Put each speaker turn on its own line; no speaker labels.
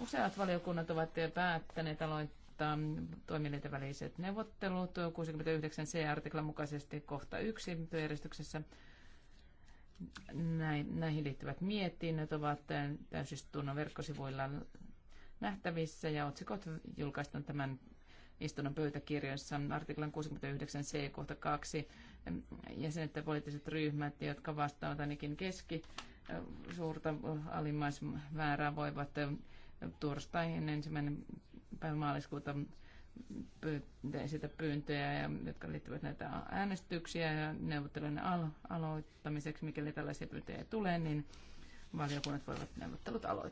Useat valiokunnat ovat päättäneet aloittaa toimielinten väliset neuvottelut 69 C-artiklan mukaisesti kohta 1 työjärjestyksessä. Näin, näihin liittyvät mietinnöt ovat täysistunnon verkkosivuilla nähtävissä ja otsikot julkaistaan tämän istunnon pöytäkirjoissa artiklan 69 C kohta 2 jäsenet ja poliittiset ryhmät, jotka vastaavat ainakin keski suurta alimmaismäärää voivat torstaihin ensimmäinen päivä maaliskuuta tein sitä pyyntöjä, ja jotka liittyvät näitä äänestyksiä ja neuvottelujen al- aloittamiseksi, mikäli tällaisia pyyntöjä tulee, niin valiokunnat voivat neuvottelut aloittaa.